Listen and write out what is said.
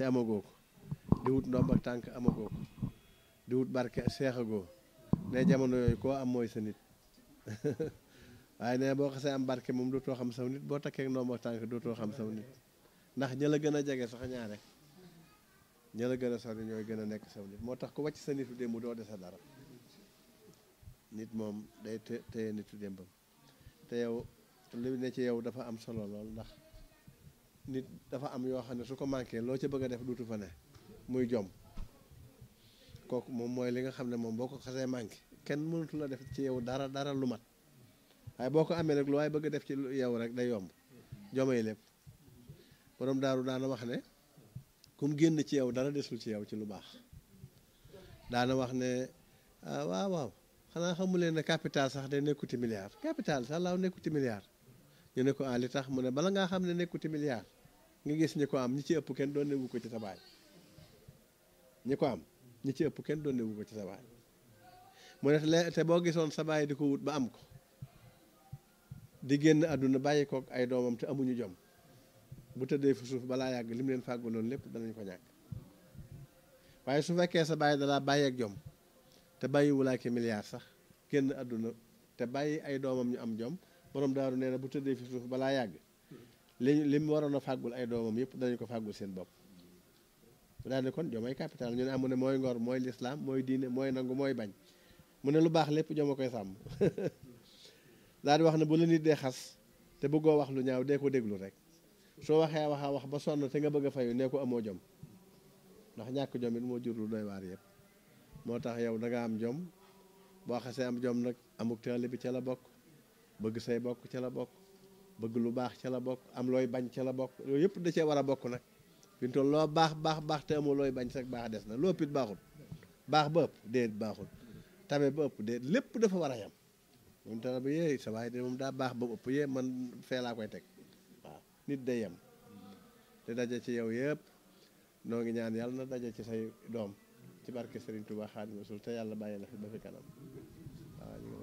te amagoo ko di wut ndomb ak tànk amagoo ko di wut barke seexagoo ne jamono yooyu koo am mooy sa nit waaye ne boo xasee am barke moom dootoo xam saw nit boo takkee ndomb ak tànk dootoo xam saw nit ndax ña la gën a jege sax ñaare ña la gën a sori ñooy gën a nekk saw nit moo tax ku wàcc sa nitu démb doo dese dara nit moom day téye nitu démbam te yow li ne ci yow dafa am solo lool ndax nit dafa am yoo xam ne su ko manqué loo ca bëgg a def duutu fa ne muy jom kooku moom mooy li nga xam ne moom boo ko xasee manqué kenn mënatu la def ci yow dara dara lu mat waaye boo ko amee nag lu waaye bëgg a def ci yow rek day yomb jomay lépp borom daaru daana wax ne kum génn ci yow dara desul ci yow ci lu baax daana wax ne ah, waaw waaw xanaa xamuleen ne capital sax day nekkuti milliard capital sax laaw nekkuti milliard ñu ne ko ah li tax mu ne bala ngaa xam ne nekkuti milliard nga gis ñi ko am ñi ci ëpp kenn doon newu ko ci sa baay ñi ko am ñi ci kenn doon newu ci sa baay mu ne te boo gisoon sa baay di ko wut ba am ko di génn àdduna bàyyi kook ay doomam te amuñu jom bu tëddee fu suuf balaa yàgg li leen fàgguloon lépp danañ ko ñàkk waaye su fekkee sa bàyyi dalaa bàyyeek ak jom te bàyyi wulaa ki milliard sax génn àdduna te bàyyi ay doomam ñu am jom borom daaru nee na bu tëddee fi suuf balaa yàgg li li mu waroon a fàggul ay doomam yëpp danañ ko fàggul seen bopp daal ne kon jom ay capital ñu ne amu ne mooy ngor mooy lislaam mooy diine mooy nangu mooy bañ mu ne lu baax lépp jom a koy sàmm daal di wax na bu la nit dee xas te bëggoo wax lu ñaaw dee ko déglu rek soo waxee waxaa wax ba sonn te nga bëgg a fayu nee ko amoo jom ndax ñàkk jom it moo jur lu doy waar yëpp moo tax yow da nga am jom boo xasee am jom nag amuk teele bi ca la bokk bëgg say bokk ca la bokk bëgg lu baax ca la bokk am looy bañ ca la bokk loolu yëpp da cee war a bokk nag fintool loo baax baax baax te amoo looy bañ sax baax des na loo pit baaxul baax ba ëpp déet baaxul tabe ba ëpp déet lépp dafa war a yem moom dara ba yee sa waaye de moom daa baax ba ëpp yee man fee laa koy teg waaw nit day yem te daje ci yow yëpp noo ngi ñaan yàlla na daje ci say doom ci barke Serigne Touba Xaadimu Rasuul te yàlla bàyyi la fi ba fi kanam